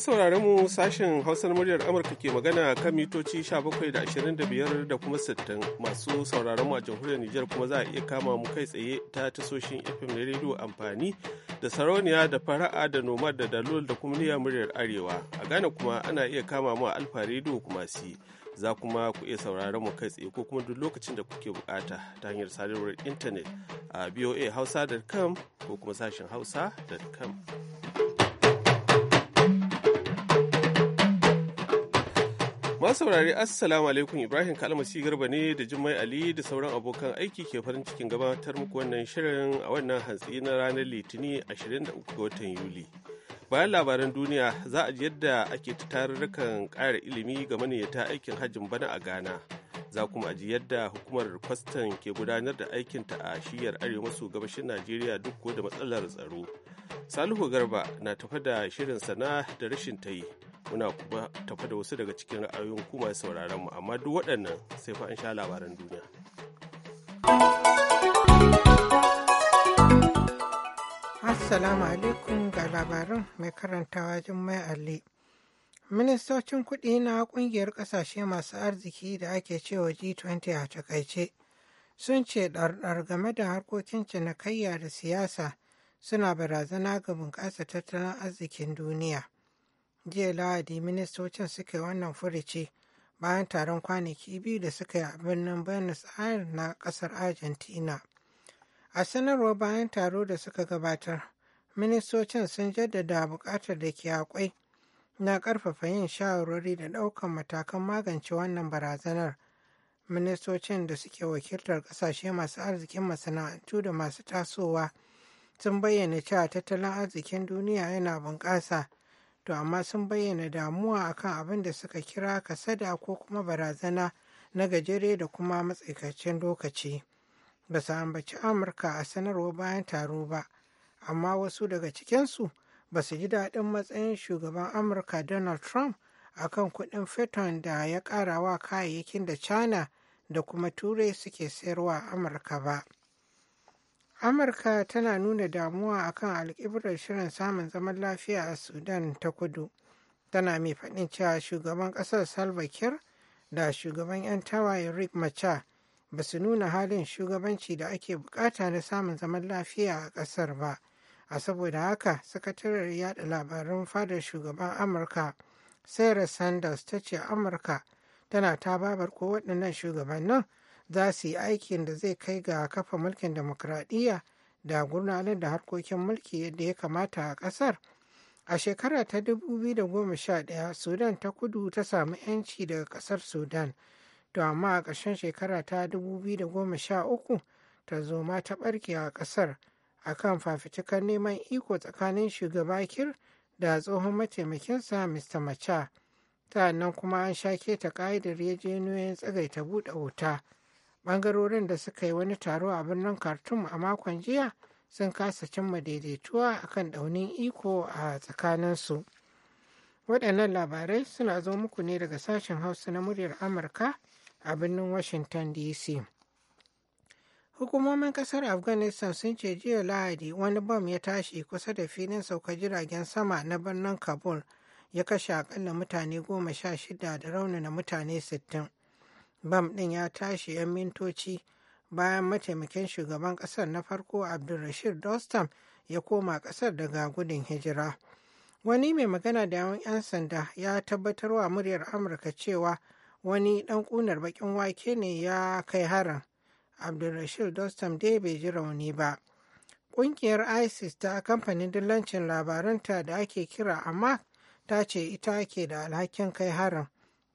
saurari mu sashen Hausar muryar Amurka ke magana kan mitoci 17 da kuma 60 masu sauraron mu a jamhuriyar Nijar kuma za a iya kama mu kai tsaye ta tasoshin FM na rediyo amfani da sarauniya da fara'a da nomad da dalol da kuma niyyar muryar Arewa. A Ghana kuma ana iya kama mu a Alfa rediyo kuma si. Za kuma ku iya sauraron mu kai tsaye ko kuma duk lokacin da kuke bukata ta hanyar sadarwar intanet a boahausa.com ko kuma sashen hausa.com. Masu saurari Assalamu alaikum Ibrahim Kalmasi Garba ne da Jummai Ali da sauran abokan aiki ke farin cikin gabatar muku wannan shirin a wannan hantsi na ranar Litini 23 ga watan Yuli. Bayan labaran duniya za a ji yadda ake tarurrukan ƙara ilimi ga maniyyata aikin hajjin bana a Ghana. Za kuma a ji yadda hukumar kwastan ke gudanar da aikinta a shiyar arewa maso gabashin Najeriya duk da matsalar tsaro. Salihu Garba na tafa da shirin sana da rashin ta yi. muna kuma tafa da wasu daga cikin ra'ayoyin kuma sauraron mu amma duk waɗannan sai fa an sha labaran duniya assalamu alaikum ga labarin mai karantawa jummai ali ministocin kuɗi na ƙungiyar ƙasashe masu arziki da ake cewa g20 a takaice sun ce ɗarɗar game da harkokin cinikayya da siyasa suna barazana ga bunƙasa tattalin arzikin duniya jiya lahadi ministocin suka yi wannan furici bayan taron kwanaki biyu da suka yi a birnin buenos aires na kasar argentina a sanarwar bayan taro da suka gabatar ministocin sun jaddada bukatar da ke akwai na karfafa yin shawarwari da daukan matakan magance wannan barazanar ministocin da suke wakiltar kasashe masu arzikin masana'antu da masu tasowa sun bayyana cewa tattalin arzikin duniya yana bunƙasa to amma sun bayyana damuwa akan abin da suka kira kasada ko kuma barazana na gajere da kuma matsaikacin lokaci ba su ambaci amurka a sanarwa bayan taro ba amma wasu daga cikinsu ba su ji daɗin matsayin shugaban amurka donald trump akan kuɗin feton da ya ƙarawa kayayyakin da china da kuma turai suke sayarwa amurka ba. amurka tana nuna damuwa a kan alkibrar shirin samun zaman lafiya a sudan ta kudu tana mai faɗin cewa shugaban ƙasar salva kiir da shugaban 'yan tawaye rick macha ba su nuna halin shugabanci da ake bukata na samun zaman lafiya a ƙasar ba a saboda haka sakataren yada labarin fadar shugaban amurka sarah sanders ta ce amurka tana ta babar ko waɗannan shugabannin za su yi aikin da zai kai ga kafa mulkin demokradiyya da gurnanar da harkokin mulki yadda ya kamata a ƙasar. A shekara ta 2011 Sudan ta kudu ta samu 'yanci daga ƙasar Sudan, to amma a ƙarshen shekara ta 2013 ta zo ma ta ɓarke a ƙasar a kan fafitukan neman iko tsakanin shugaba Kir da tsohon mataimakinsa Mr. Macha. nan kuma an shake ta ƙa'idar yajeniyoyin tsagaita buɗe wuta. bangarorin da suka yi wani taro a birnin khartoum a makon jiya sun kasa cimma daidaituwa kan daunin iko a tsakaninsu waɗannan labarai suna zo muku ne daga sashen hausa na muryar amurka a birnin washington dc hukumomin kasar afghanistan sun ce jiya lahadi wani bom ya tashi kusa da filin sauka jiragen sama na birnin kabul ya kashe akalla mutane goma sha shida da raunana mutane sittin bam ɗin ya tashi 'yan mintoci bayan mataimakin shugaban ƙasar na farko abdulrashid dostam ya koma ƙasar daga gudun hijira wani mai magana da yawan 'yan sanda ya tabbatar wa muryar amurka cewa wani ɗan ƙunar baƙin wake ne ya kai harin abdulrashid dostam dai bai ji rauni ba ƙungiyar isis ta kamfanin dillancin labaranta da ake kira amma ta ce ita ke da alhakin kai harin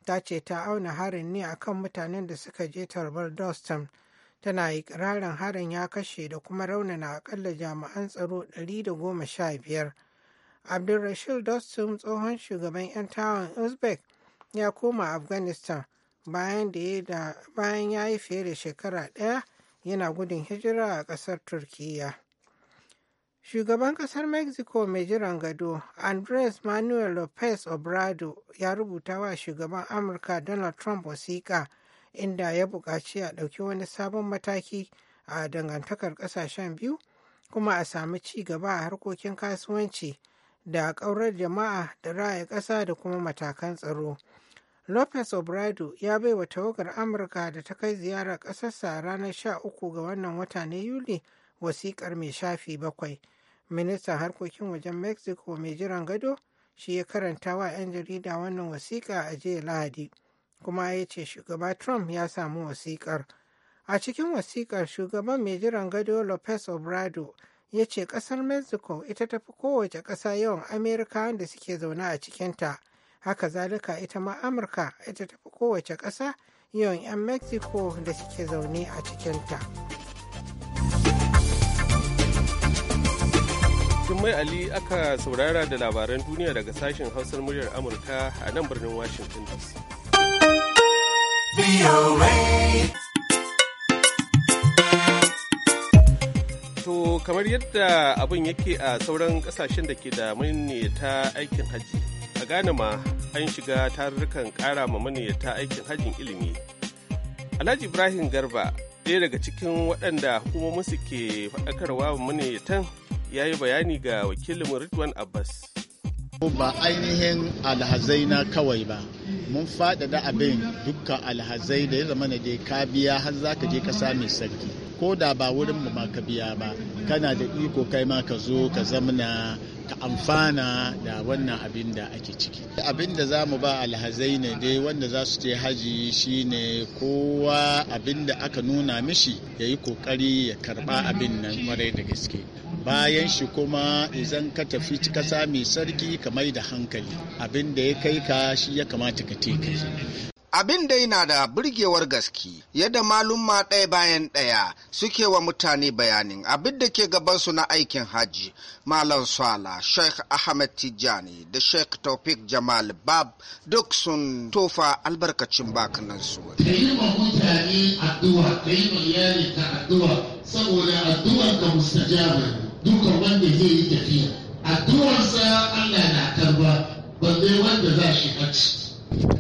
ta ce ta auna harin ne akan mutanen da suka je tarbar Doston. Tana ikirarin harin ya kashe da kuma raunana akalla jami'an tsaro 115. Abdulrashid Dostum tsohon shugaban 'yan tawon Uzbek ya koma Afghanistan bayan ya yi fiye da shekara ɗaya yana gudun hijira a ƙasar Turkiyya. Shugaban kasar Mexico mai jiran gado, Andres Manuel Lopez Obrado ya rubuta wa shugaban Amurka Donald Trump wasiƙa inda ya buƙaci a ɗauki wani sabon mataki a dangantakar ƙasashen biyu kuma a sami ci gaba a harkokin kasuwanci da ƙaurar jama'a da raya ƙasa da kuma matakan tsaro. Lopez Obrado ya bai wa tawagar Amurka da ta kai ziyarar ƙasarsa ranar 13 ga wannan wata na Yuli wasiƙar mai shafi bakwai. ministan harkokin wajen mexico mai jiran gado shi ya karanta wa 'yan jarida wannan wasiƙa a jiya lahadi kuma ya ce shugaba trump ya samu wasiƙar a cikin wasiƙar shugaban mai jiran gado lopez obrado ya ce ƙasar mexico ita tafi kowace ƙasa yawan amerika da suke zaune a cikinta haka zalika ita ma amurka ita tafi kowace ƙasa yawan 'yan mexico da suke zaune a cikinta. mai Ali aka saurara da labaran duniya daga sashen hausar muryar Amurka a nan birnin Washington DC. To kamar yadda abin yake a sauran kasashen da ke da ta aikin hajji. A Ghana ma an shiga tarurrukan ƙara ma ta aikin hajjin ilimi. Alhaji Ibrahim Garba ɗaya daga cikin waɗanda hukumomin su ke faɗakarwa maniyatan ya yi bayani ga wakilin Ridwan Abbas. Ba ainihin alhazai na kawai ba, mun faɗaɗa abin dukkan alhazai da ya zama na dai ka biya har za ka je ka sami sarki. ko da ba wurin mu ma ka biya ba kana da iko kai ma ka zo ka zamna ka amfana da wannan abin da ake ciki abin da za mu ba alhazai ne dai wanda za su je haji shine kowa abin da aka nuna mishi ya yi kokari ya karba abin nan kwarai da gaske bayan shi kuma izan ka tafi kasa mai sarki ka da hankali abin da ya kai ka shi ya kamata ka teka. Abin dai na da burgewar gaske yadda malumma ɗaya bayan ɗaya suke wa mutane bayanin abin da ke gabansu na aikin hajji. Malam Swala, Sheikh Ahmed Tijjani da Sheikh Taufik Jamal Bab duk sun tofa albarkacin su Da yi wa mutane addu'a, da yi wa iyali ta addu'a, saboda addu'ar ka mustajaba duka wanda zai yi tafiya. Addu'arsa Allah na karba, zai wanda za shi hajji.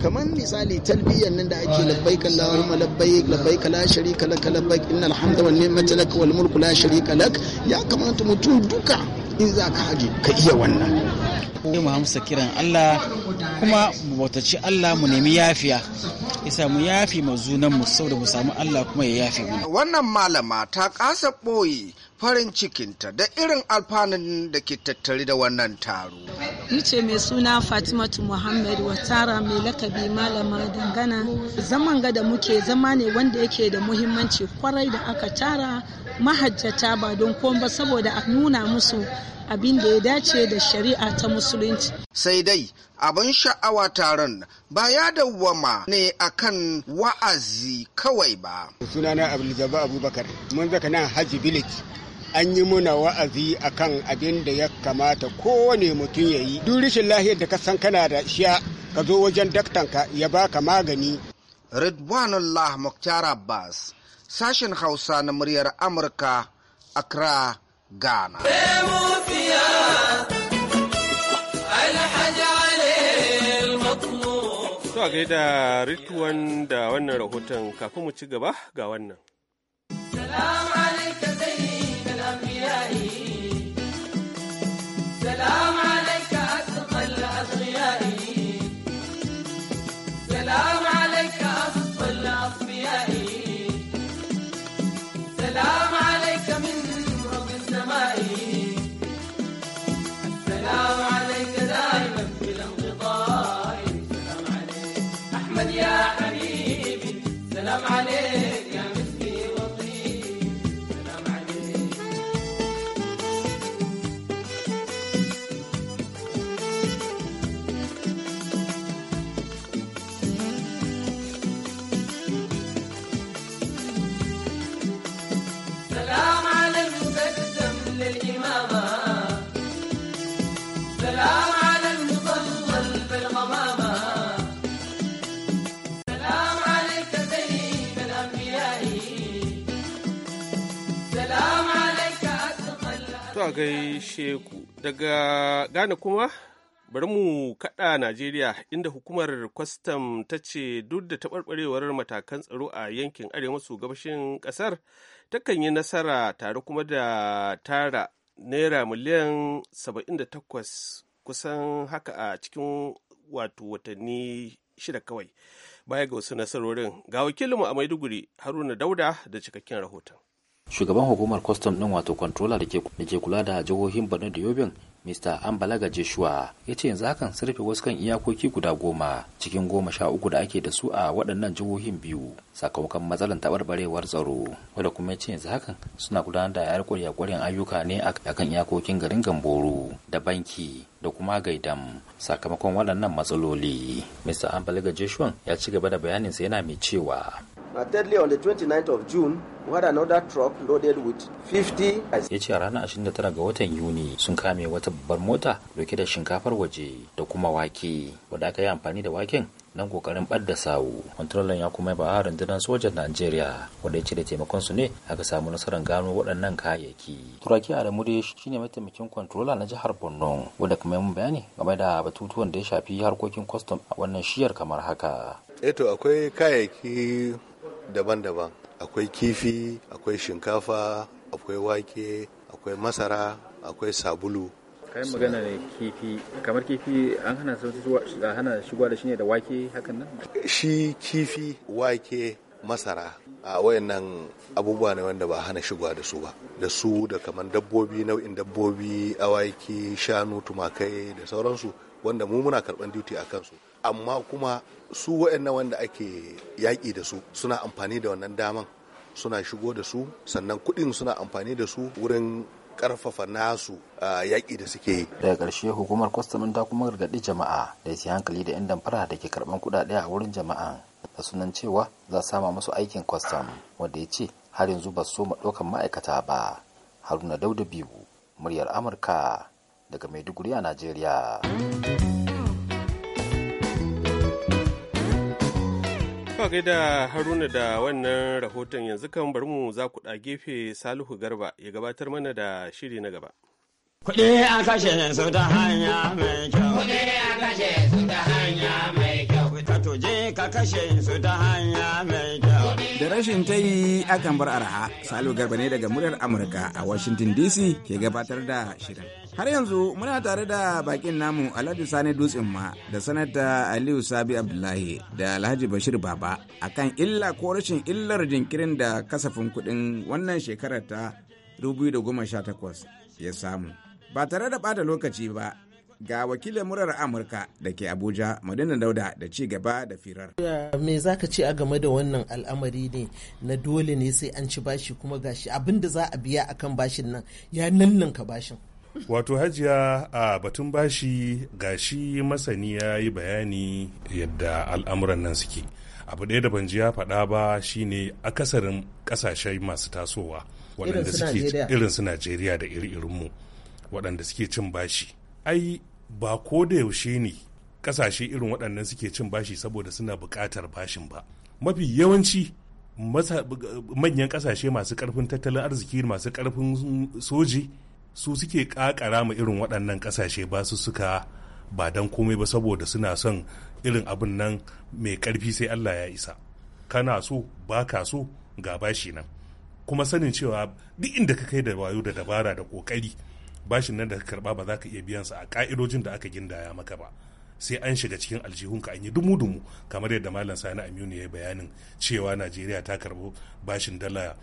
kamar misali talbiyan nan da ake labbai kallawar malabbai labbai kala sharika lak labbai innal hamda wan ni'mata lak wal mulku la sharika lak ya kamata mutum duka in za ka haje ka iya wannan mu amsa kiran Allah kuma mu bautaci Allah mu nemi yafiya ya mu yafi mu mu saboda mu samu Allah kuma ya yafi mu wannan malama ta kasa boye farin cikinta da irin alfanun da ke tattare da wannan taro. Ni ce mai suna Fatimatu Muhammad Watara mai lakabi malama dangana. Zaman ga da muke zama ne wanda yake da muhimmanci kwarai da aka tara mahajjata ba don komai ba saboda a nuna musu abin da ya dace da shari'a ta musulunci. Sai dai abin sha'awa taron ba ya dawwama ne akan wa'azi kawai ba. Sunana Abdulzaba Abubakar, mun zaka nan Haji Village. an yi muna wa'azi a kan abin da ya kamata kowane mutum ya yi duk rashin lahiyar da ka san kana da shiya ka zo wajen daktanka ya baka magani ridwanullah muktar abbas sashen hausa na muryar amurka accra ghana To ga da rituwan da wannan rahoton kafin mu ci gaba ga wannan. Salam alaikum zuwa gaishe ku daga Ghana kuma bari mu kaɗa Najeriya inda hukumar kwastam ta ce duk da taɓarɓarewar matakan tsaro a yankin arewa su gabashin ƙasar takan yi nasara tare kuma da tara naira miliyan 78 kusan haka a cikin wato watanni shida kawai baya ga wasu nasarorin ga wakilinmu a maiduguri haruna dauda da cikakken rahoton shugaban hukumar kwastam din wato controller da ke kula da jihohin borno da yobin mr ambalaga joshua ya ce yanzu hakan sun wasu kan iyakoki guda goma cikin goma sha uku da ake da su a waɗannan jihohin biyu sakamakon matsalar tabarbarewar tsaro wadda kuma ya ce yanzu hakan suna gudanar da yar kwarya-kwaryan ayyuka ne a kan iyakokin garin gamboro da banki da kuma gaidam sakamakon waɗannan matsaloli mr ambalaga joshua ya ci gaba da bayaninsa yana mai cewa But thirdly, on the 29th of June, we had another truck loaded with 50. Ya ce a ranar 29 ga watan Yuni sun kame wata babbar mota dauke da shinkafar waje da kuma wake. Wadda aka yi amfani da waken nan kokarin da sawu. Kwantrolan ya kuma ba rundunar sojan Najeriya wadda ya ce da taimakon su ne aka samu nasarar gano waɗannan kayayyaki. Turaki Adamu shi shine mataimakin kwantrola na jihar Borno wadda kuma mun bayani game da batutuwan da ya shafi harkokin kwastam a wannan shiyar kamar haka. Eh to akwai kayayyaki daban-daban akwai kifi akwai shinkafa akwai wake akwai masara akwai sabulu kayan magana ne kifi kamar kifi an hana hana shigowa da shi ne da wake hakan nan shi kifi wake masara a wayannan abubuwa ne wanda ba hana shigowa da su ba da su da kamar dabbobi nau'in dabbobi awaki shanu tumakai da sauransu wanda mu muna karban duty a kansu amma kuma su waɗannan wanda ake yaƙi da su suna amfani da wannan daman suna shigo da su sannan kuɗin suna amfani da su wurin karfafa nasu yaƙi da suke yi. Daga ƙarshe hukumar kwastamin ta kuma gargaɗi jama'a da ya hankali da 'yan damfara da ke karɓan kuɗaɗe a wurin jama'a da sunan cewa za sama musu aikin kwastam wanda ya ce har yanzu ba su ma ɗaukan ma'aikata ba. Haruna Dauda Biyu, muryar Amurka daga Maiduguri a Najeriya. kuma gaida Haruna da wannan rahoton yanzu kan bari mu za ku gefe Salihu Garba ya gabatar mana da shiri na gaba. Kuɗi a kashe su ta hanya mai kyau. Kuɗi a kashe su ta hanya mai to je ka kashe su ta hanya mai kyau. Da rashin ta yi akan bar araha, Salo Garba ne daga muryar Amurka a Washington DC ke gabatar da shirin. Har yanzu muna tare da bakin namu Alhaji Sani Dutsen ma da sanata Aliyu Sabi Abdullahi da Alhaji Bashir Baba akan illa ko rashin illar jinkirin da kasafin kuɗin wannan shekarar ta 2018 ya samu. Ba tare da ɓata lokaci ba, ga wakilin murar amurka da ke abuja madina dauda da ci gaba da firar me za ka ce a game da wannan al'amari ne na dole ne sai an ci bashi kuma gashi abin da za a biya akan bashin nan ya ka bashin wato hajiya a batun bashi gashi masani ya yi bayani yadda al'amuran nan suke abu ɗaya da ban ji ya faɗa ba shine akasarin ƙasashe masu tasowa waɗanda suke irin su najeriya da iri-irinmu waɗanda suke cin bashi ai ba ko da yaushe ne kasashe irin waɗannan suke cin bashi saboda suna buƙatar bashin ba mafi yawanci manyan kasashe masu ƙarfin tattalin arziki masu ƙarfin soji su suke ƙaƙara ma irin waɗannan kasashe ba su suka ba don komai ba saboda suna son irin abin nan mai ƙarfi sai Allah ya isa kana so ba ka so ga bashi nan kuma sanin cewa duk inda ka kai da wayo da dabara da ƙoƙari bashin nan da ka karba ba za ka iya biyan sa a ka'idojin da aka gindaya maka ba sai an shiga cikin aljihun ka an yi dumu-dumu kamar yadda malam sani aminu ya yi bayanin cewa najeriya ta karbo bashin dala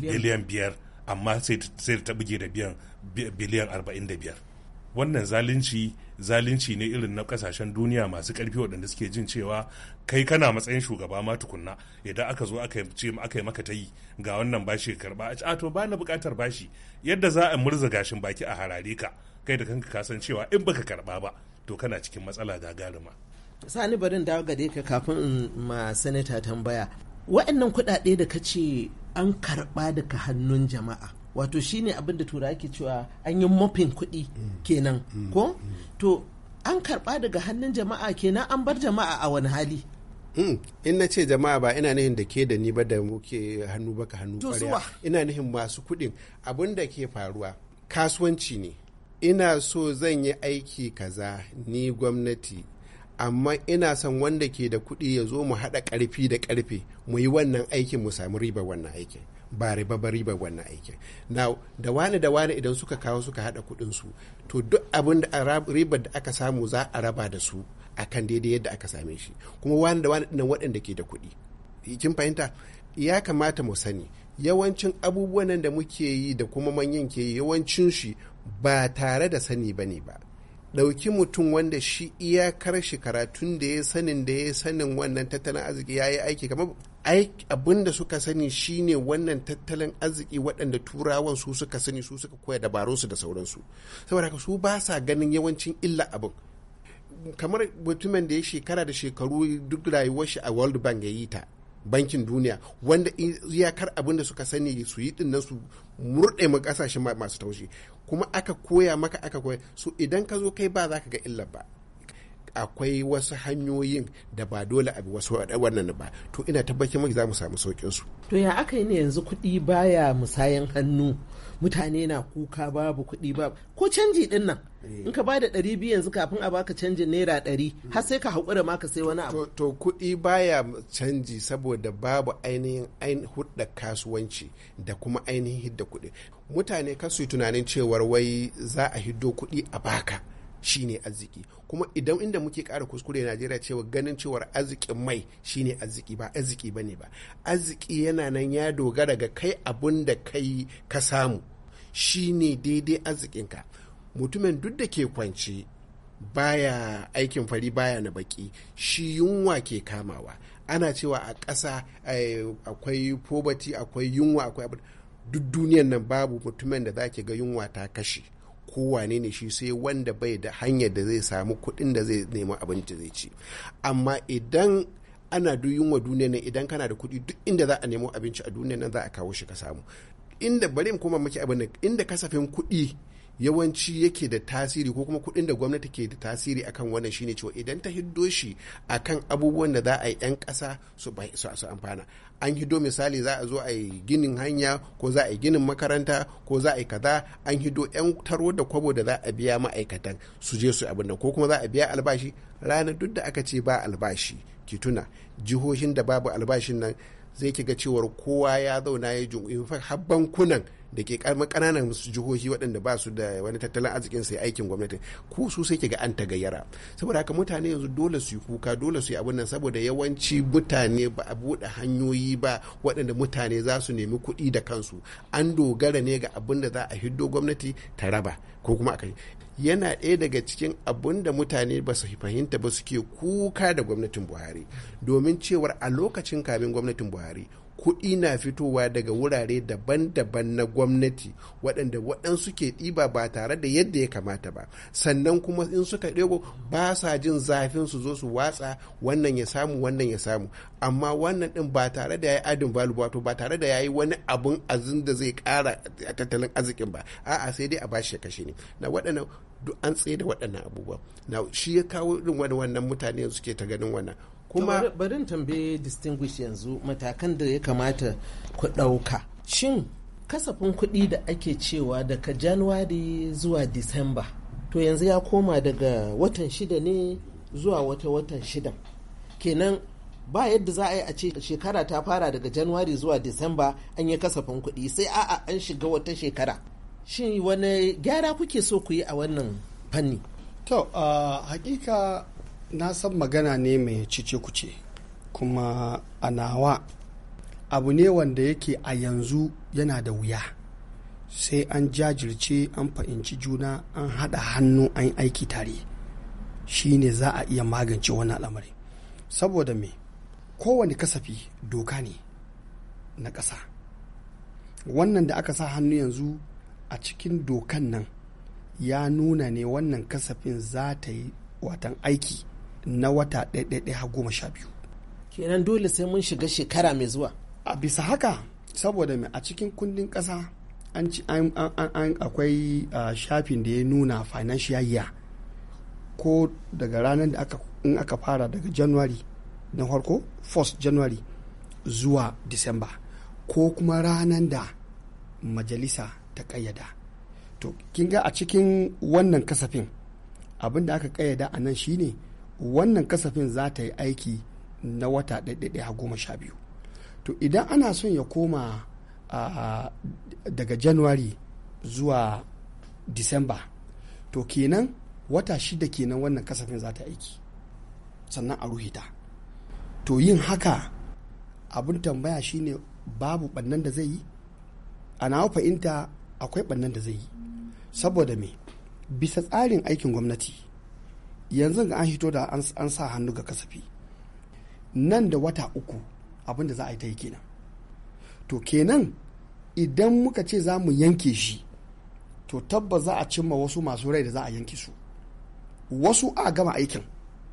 biliyan biyar amma sai ta buge da biyan biliyan arba'in da biyar wannan zalunci zalunci ne irin na kasashen duniya masu karfi waɗanda suke jin cewa kai kana matsayin shugaba ma tukunna idan aka zo aka ce aka yi maka ta yi ga wannan bashi karba a to ba na buƙatar bashi yadda za a murza gashin baki a harare ka kai da kanka ka san cewa in baka karba ba to kana cikin matsala gagarima sani barin dawo gare ka kafin ma sanata tambaya wa'annan kuɗaɗe da ka ce an karɓa daga hannun jama'a wato shine abin da tura ake cewa an yi mafin kuɗi kenan ko to an karɓa daga hannun jama'a kenan an bar jama'a a wani hali hmm, in na ce jama'a ba ina nihin da ke da ni ba da muke hannu baka hannu ƙwarya ina nihin masu kuɗin abin da ke faruwa kasuwanci ne ina so zan yi aiki kaza ni gwamnati amma ina son wanda ke da kuɗi ya zo mu haɗa ƙarfi da ƙarfe mu yi wannan aikin mu sami riba wannan aikin ba riba riba wannan aikin na da wani da wani idan suka kawo suka hada kudin su to duk abin da ribar da aka samu za a raba da su akan daidai yadda aka same shi kuma wani da wani dinnan waɗanda ke da kuɗi eh, kin fahimta ya kamata mu sani yawancin abubuwan da muke yi da kuma manyan ke yawancin shi ba tare da sani ba ne ba ɗauki mutum wanda shi iyakar shi karatun da ya sanin da ya sanin wannan tattalin arziki ya yi aiki kamar abin da suka sani shine wannan tattalin arziki waɗanda turawan su suka sani su suka koya su da sauransu saboda haka su ba sa ganin yawancin illa abin kamar mutumin da ya shekara da shekaru duk rayuwar shi a world bank ya yi ta bankin duniya wanda iyakar abin da suka sani su yi dinnan su murɗe mu kasashen masu taushe kuma aka koya maka aka koya su idan ka zo kai ba za ka ga illar ba akwai wasu hanyoyin da ba dole a bi wasu waɗannan ba to ina tabbacin maki za mu samu saukin su to ya aka yi ne yanzu kuɗi baya musayan hannu mutane na kuka babu kuɗi ba ko canji din nan eh. in ka bada ɗari biyu yanzu kafin a baka canjin naira ɗari mm. har sai ka haƙura ma ka sai wani abu to kuɗi baya canji saboda babu ainihin hudda kasuwanci da kuma ainihin hidda kuɗi mutane kasu tunanin cewar wai za a hiddo kuɗi a baka shine arziki kuma idan inda muke ƙara kuskure najeriya cewa ganin cewar arzikin mai shine arziki ba arziki bane ba arziki yana nan ya dogara ga kai abun da kai ka samu shine daidai arzikinka mutumin duk da ke kwance baya aikin fari baya na baki shi yunwa ke kamawa ana cewa a ƙasa eh, akwai poverty akwai yunwa akwai abu duk duniyan nan babu mutumin da zaki ga yunwa ta kashe kowane ne shi sai wanda bai da hanyar da zai samu kuɗin da zai nemi abinci zai ci amma idan ana yunwa duniya nan idan kana da kuɗi duk inda za a nemo abinci a duniya nan za a kawo shi ka samu inda bari mu koma maki abin inda kasafin kuɗi yawanci yake da tasiri ko kuma kuɗin da gwamnati ke da tasiri akan wannan shine cewa idan ta hiddo shi a kan abubuwan da za a yi 'yan kasa su amfana an hiddo misali za a zo a yi ginin hanya ko za a yi ginin makaranta ko za a yi kaza an hiddo 'yan taro da kwabo da za a biya ma'aikatan su je su abin nan ko kuma za a biya albashi ranar duk da aka ce ba albashi ki tuna jihohin da babu albashin nan zai ki ga cewar kowa ya zauna ya fa har bankunan da ke kananan jihohi waɗanda ba su da wani tattalin arzikin sai aikin gwamnati ko su sai ga an tagayyara saboda haka mutane yanzu dole su yi kuka dole su yi abin nan saboda yawanci mutane ba a buɗe hanyoyi ba waɗanda mutane za su nemi kuɗi da kansu an dogara ne ga abin da za a hiddo gwamnati ta raba ko kuma a yana ɗaya daga cikin abun da mutane ba su fahimta ba suke kuka da gwamnatin buhari domin cewar a lokacin kamin gwamnatin buhari kuɗi na fitowa daga wurare daban-daban na gwamnati waɗanda waɗansu ke ɗiba ba tare da yadda ya kamata ba sannan kuma in suka ɗebo ba sa jin zafin su zo su watsa wannan ya samu wannan ya samu amma wannan ɗin ba tare da ya yi adin value wato ba tare da ya yi wani abun azin da zai ƙara a tattalin arzikin ba a'a sai dai a bashi ya kashe ne na waɗannan duk an tsaye da waɗannan abubuwa na shi ya kawo irin wani wannan mutane suke ta ganin wannan kuma barin tambaye distinguish yanzu matakan da ya kamata ku ɗauka shin kasafin kuɗi da ake cewa daga januwari zuwa disamba to yanzu ya koma daga watan shida ne zuwa wata watan shida kenan ba yadda za a yi a ce shekara ta fara daga januwari zuwa disamba an yi kasafin kuɗi sai a'a an shiga wata shekara shin wani gyara kuke so ku yi a wannan fanni to a ah, hakika na san magana ne mai cice kuce kuma a nawa abu ne wanda yake a yanzu yana da wuya sai an jajirce an fahimci juna an haɗa hannu an yi aiki tare shi ne za a iya magance wani al'amari saboda me kowane kasafi doka ne na ƙasa wannan da aka sa hannu yanzu a cikin dokan nan ya nuna ne wannan kasafin za ta yi watan aiki na wata ɗaiɗaiɗai har goma sha biyu kenan dole sai mun shiga shekara mai zuwa a bisa haka saboda mai a cikin kundin ƙasa an ci an akwai shafin da ya nuna financial year ko daga ranar da aka in aka fara daga january na farko 1 january zuwa december ko kuma ranar da majalisa ta kayyada to kin ga a cikin wannan kasafin abin da aka kayyada a nan shine wannan kasafin za ta yi aiki na wata ɗaiɗaiɗaya goma sha biyu to idan ana son ya koma daga january zuwa disamba to kenan wata shida kenan wannan kasafin za ta aiki sannan a ruhita to yin haka abin tambaya shine babu bannan da zai yi a nawa fahimta akwai bannan da zai yi saboda me bisa tsarin aikin gwamnati yanzu ga an hito da an sa hannu ga kasafi nan da wata uku abinda da za a yi ta yi kenan to kenan idan muka ce za mu yanke shi to tabbas za a cimma wasu masu rai da za a yanke su wasu a gama aikin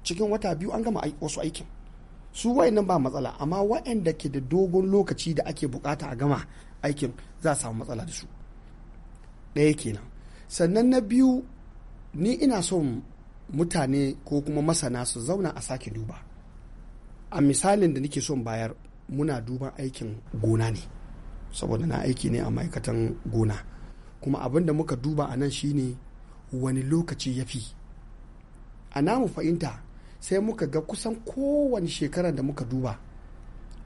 cikin wata biyu an gama wasu aikin su wayannan ba matsala amma waɗanda ke da dogon lokaci da ake bukata a gama aikin za a samu matsala da su ɗaya kenan sannan na biyu ni ina son mutane ko kuma masana su zauna a sake duba a misalin da nake son bayar muna duban aikin gona ne saboda na aiki ne a ma'aikatan gona kuma abin da muka duba a nan shine wani lokaci ya fi a namu fahimta sai muka ga kusan kowane shekarar da muka duba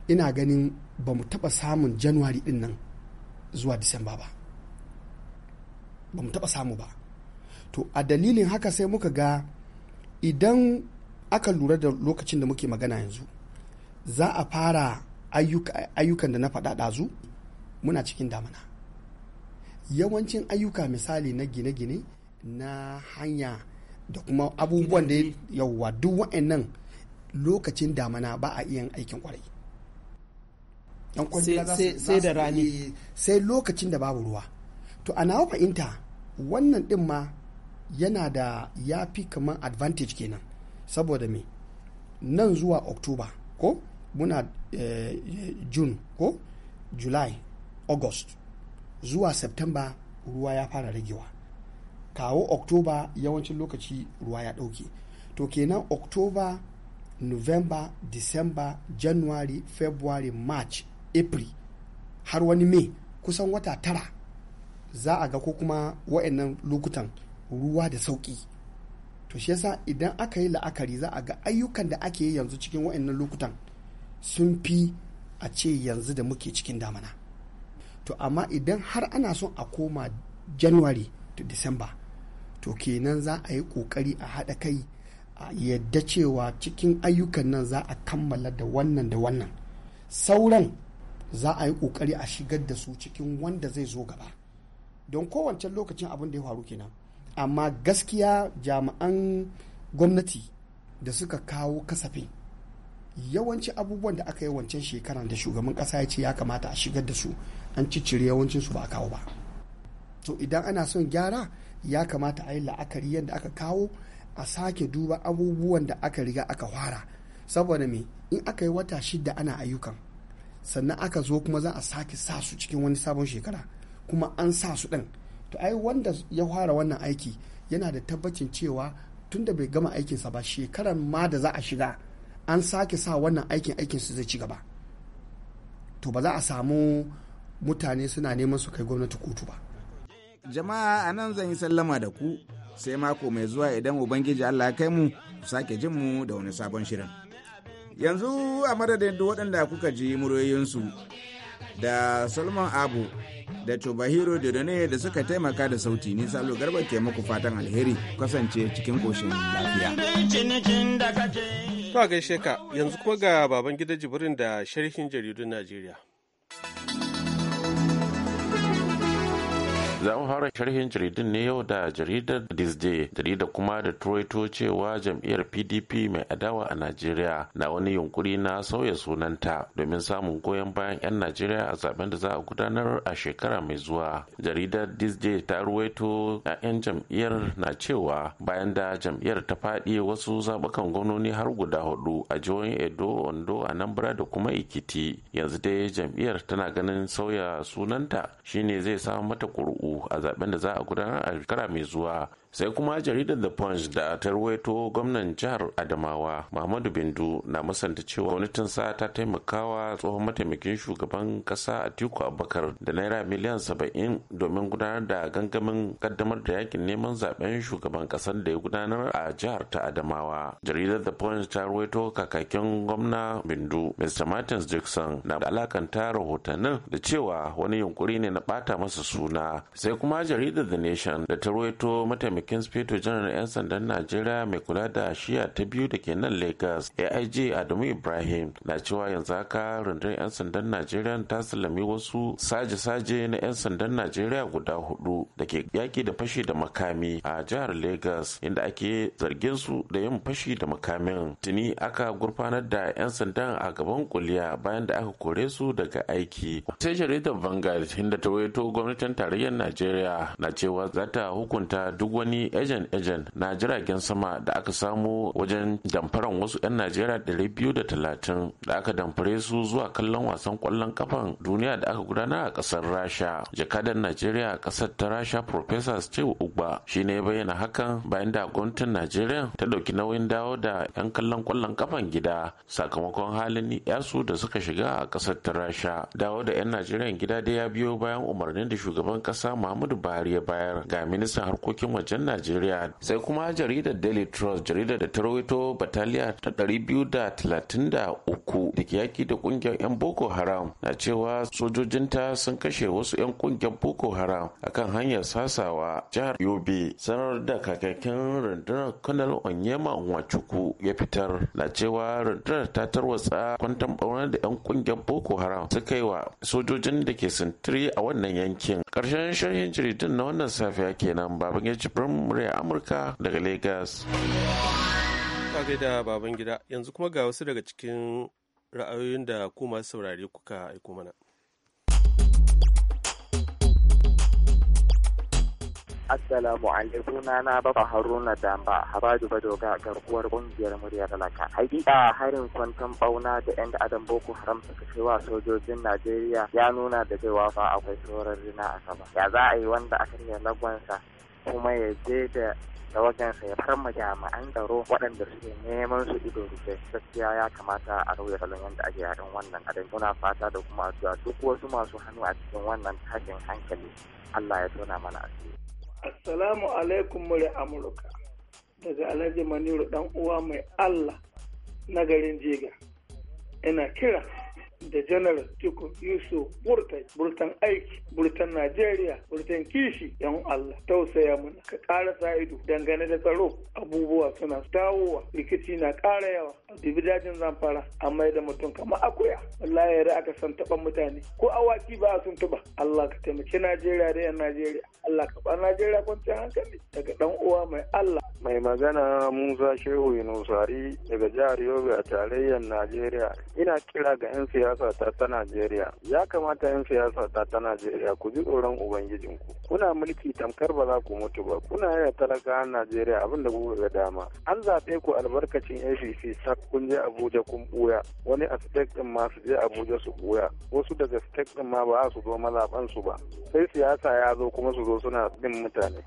ina ganin ba mu taɓa samun januwari ɗin zuwa disamba ba ba mu taɓa samu ba to a dalilin haka sai muka ga idan aka lura da lokacin da muke magana yanzu za a fara ayyukan da na faɗa ɗazu muna cikin damana yawancin ayyuka misali na gine-gine na hanya da kuma abubuwan da yauwa duk wa'annan lokacin damana ba a iya aikin kwarai sai lokacin da babu ruwa to a nawa fahimta wannan din ma yana da ya fi kamar advantage kenan saboda me nan zuwa october ko muna eh, june ko july august zuwa september ruwa ya fara ragewa kawo october yawancin lokaci ruwa ya dauke to kenan october november december january february march april har wani may kusan wata tara za a ga ko kuma wa'annan lokutan ruwa da sauƙi to shi yasa idan aka yi la'akari za a ga ayyukan da ake yi yanzu cikin wa'annan lokutan sun fi a ce yanzu da muke cikin damana to amma idan har ana son a koma january to december to kenan za a yi ƙoƙari a haɗa kai a yadda cewa cikin ayyukan nan za a kammala da wannan da wannan sauran za a yi ƙoƙari a shigar da su cikin wanda zai zo gaba don kowancen lokacin abin da ya faru kenan amma gaskiya jami'an gwamnati da suka kawo kasafin yawanci abubuwan da aka yi wancan shekaran da shugaban kasa ya ce ya kamata a shigar da su an ciccire yawancin su ba a kawo ba to idan ana son gyara ya kamata a yi la'akari yadda aka kawo a sake duba abubuwan da aka riga aka fara saboda me in aka yi wata shida ana ayyukan sannan aka zo kuma za a sake sa su cikin wani sabon shekara kuma an sa su ɗin to ai wanda ya fara wannan aiki yana da tabbacin cewa tun da bai gama aikinsa ba shekaran ma da za a shiga an sake sa wannan aikin aikin su zai ci gaba to ba za a samu mutane suna neman su kai gwamnati kotu ba jama'a a nan zan yi sallama da ku sai mako mai zuwa idan ubangiji allah ya kai mu sake jin mu da wani sabon shirin yanzu a madadin waɗanda kuka ji muryoyinsu da solomon abu da Tobahiro dane da suka taimaka da sauti ni Salo Garba ke muku fatan alheri kasance cikin koshin lafiya. To gaishe ka yanzu kuma ga baban gida Jibrin da sharhin jaridun Najeriya. za mu fara sharhin jaridun ne yau da jaridar disney jarida kuma da turaito cewa jam'iyyar pdp mai adawa a najeriya na wani yunkuri na sauya sunanta domin samun goyon bayan 'yan najeriya a zaben da za a gudanar a shekara mai zuwa jaridar disney ta ruwaito 'ya'yan jam'iyyar na cewa bayan da jam'iyyar ta faɗi wasu zaɓukan gwamnoni har guda hudu a jihohin edo ondo anambra da kuma ikiti yanzu dai jam'iyyar tana ganin sauya sunanta shine zai samu mata ƙuri'u ƙuri'u a zaben da za a gudanar a shekara mai zuwa sai kuma jaridar the punch da ta ruwaito gwamnan jihar adamawa muhammadu bindu na musanta cewa gwamnatin sa ta taimakawa tsohon mataimakin shugaban kasa atiku abubakar da naira miliyan saba'in domin gudanar da gangamin kaddamar da yakin neman zaben shugaban kasar da ya gudanar a jihar ta adamawa jaridar the punch ta ruwaito kakakin gwamna bindu mr martins jackson na alakanta rahotannin da cewa wani yunkuri ne na bata masa suna sai kuma jaridar the nation da ta ruwaito mataimakin mataimakin speto janar 'yan sandan najeriya mai kula da shiya ta biyu da ke nan lagos aig adamu ibrahim na cewa yanzu haka rundunar 'yan sandan najeriya ta sallami wasu saje-saje na 'yan sandan najeriya guda hudu da ke yaki da fashi da makami a jihar lagos inda ake zargin su da yin fashi da makamin tuni aka gurfanar da 'yan sandan a gaban kuliya bayan da aka kore su daga aiki sai jaridar vanguard inda ta wayato gwamnatin tarayyar najeriya na cewa za ta hukunta duk wani wani ejen-ejen na jiragen sama da aka samu wajen damfaran wasu 'yan najeriya biyu da talatin da aka damfare su zuwa kallon wasan kwallon kafan duniya da aka gudana a kasar rasha jakadan najeriya ƙasar kasar ta rasha professor steve ugba shi ne bayyana hakan bayan da gwamnatin najeriya ta dauki nauyin dawo da 'yan kallon kwallon kafan gida sakamakon halin yasu da suka shiga a kasar ta rasha dawo da 'yan najeriya gida da ya biyo bayan umarnin da shugaban kasa muhammadu buhari ya bayar ga ministan harkokin wajen wajen najeriya sai kuma jaridar daily trust jaridar da ta rawaito bataliya ta 233 da ke yaki da kungiyar 'yan boko haram na cewa sojojinta sun kashe wasu 'yan kungiyar boko haram akan hanyar sasawa jihar yobe sanar da kakakin rundunar colonel onyema nwachukwu ya fitar na cewa rundunar ta tarwatsa kwantan ɓaunar da 'yan kungiyar boko haram suka yi wa sojojin da ke sintiri a wannan yankin ƙarshen shirin jaridun na wannan safiya kenan baban ya ci muryar murya Amurka daga Lagos. Ta da baban gida yanzu kuma ga wasu daga cikin ra'ayoyin da ku masu saurari kuka aiko mana. Assalamu alaikum na na baba Haruna Damba Habaju Badoga garkuwar ƙungiyar muryar laka. Hakika harin kwantan bauna da yan adam Boko Haram suka kai wa sojojin Najeriya ya nuna da cewa fa akwai tsoron rina a sama. Ya za a yi wanda a karya lagwansa kuma ya je da tawagansa ya farma jami'an tsaro waɗanda suke neman su ido rufe gaskiya ya kamata a rauya salon yadda ake yaɗin wannan adan muna fata da kuma addu'a duk wasu masu hannu a cikin wannan tashin hankali Allah ya tona mana asiri. Assalamu alaikum mure Amurka daga Alhaji Maniru dan uwa mai Allah na garin Jega ina kira da janar tuku yusuf burtai burtan aiki burtan najeriya burtan kishi yan allah tausaya mana ka ƙara sa dangane da tsaro abubuwa suna dawowa rikici na ƙara yawa a dubi dajin zamfara a mai da mutum kama akuya wallahi yare aka san taba mutane ko awaki ba sun tuba allah ka taimaki najeriya da yan najeriya allah ka ba najeriya kwanciyar hankali daga dan uwa mai allah mai magana musa shehu yunusari daga jihar yobe a tarayyar najeriya ina kira ga 'yan siyasa siyasa ta ta Najeriya, ya kamata 'yan siyasa ta ta Najeriya ku ji tsoron Ubangijinku. Kuna mulki tamkar ba za ku mutu ba, kuna yaya talaka Najeriya abin da kuka ga dama. An zaɓe ku albarkacin ACC sak kun je Abuja kun ɓuya, wani a state ɗin ma su je Abuja su ɓuya, wasu daga state ɗin ma ba su zo mazaban su ba. Sai siyasa ya zo kuma su zo suna bin mutane.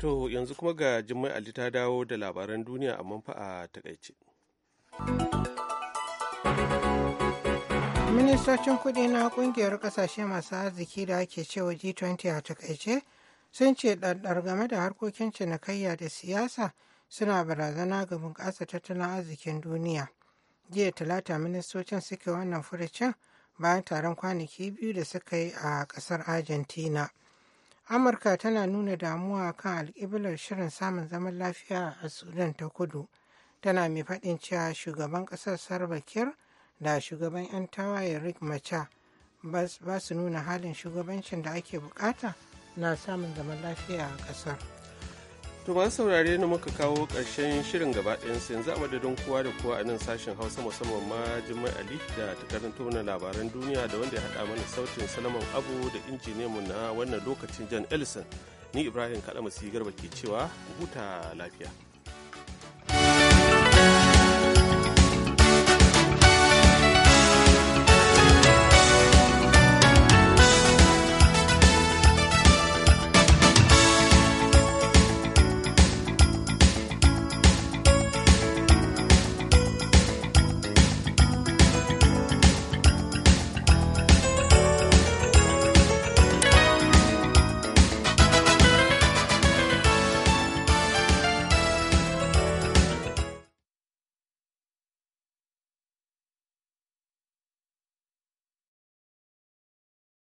To yanzu kuma ga Jummai Ali ta dawo da labaran duniya amma fa a takaice. ministocin kudi na kungiyar kasashe masu arziki da ake cewa g20 a takaice sun ce ɗanɗar game da harkokin cinikayya da siyasa suna barazana ga bunƙasa tattalin arzikin duniya jiya talata ministocin suke wannan furucin bayan taron kwanaki biyu da suka yi a ƙasar argentina amurka tana nuna damuwa kan alƙiblar shirin samun zaman lafiya a sudan ta kudu tana mai faɗin cewa shugaban ƙasar Salva Kiir da shugaban 'yan tawayen Rick Macha ba su nuna halin shugabancin da ake bukata na samun zaman lafiya a ƙasar. To masu saurare na muka kawo ƙarshen shirin gaba sai yanzu a kowa da kowa a nan sashen Hausa musamman ma Jimai Ali da ta karanto labaran duniya da wanda ya haɗa mana sautin Salaman Abu da injiniyanmu na wannan lokacin Jan Ellison. Ni Ibrahim Kaɗa Garba ke cewa huta lafiya.